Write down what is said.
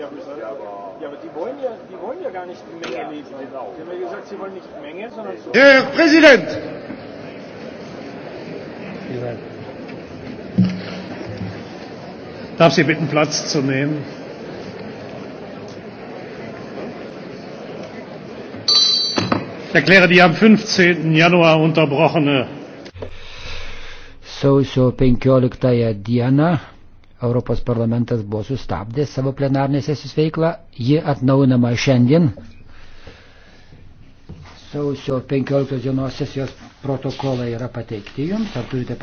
Ja, ja, aber, ja, aber die wollen ja, die wollen ja gar nicht die Menge ja, liefern. Genau. Die haben ja gesagt, sie wollen nicht die Menge, sondern so. Herr Präsident! Darf Sie bitten, Platz zu nehmen? Ich erkläre die am 15. Januar unterbrochene. Sausio 15 dieną Europos parlamentas buvo sustabdęs savo plenarnę sesijos veiklą, ji atnaunama šiandien. Sausio 15 dienos sesijos protokolai yra pateikti jums, ar turite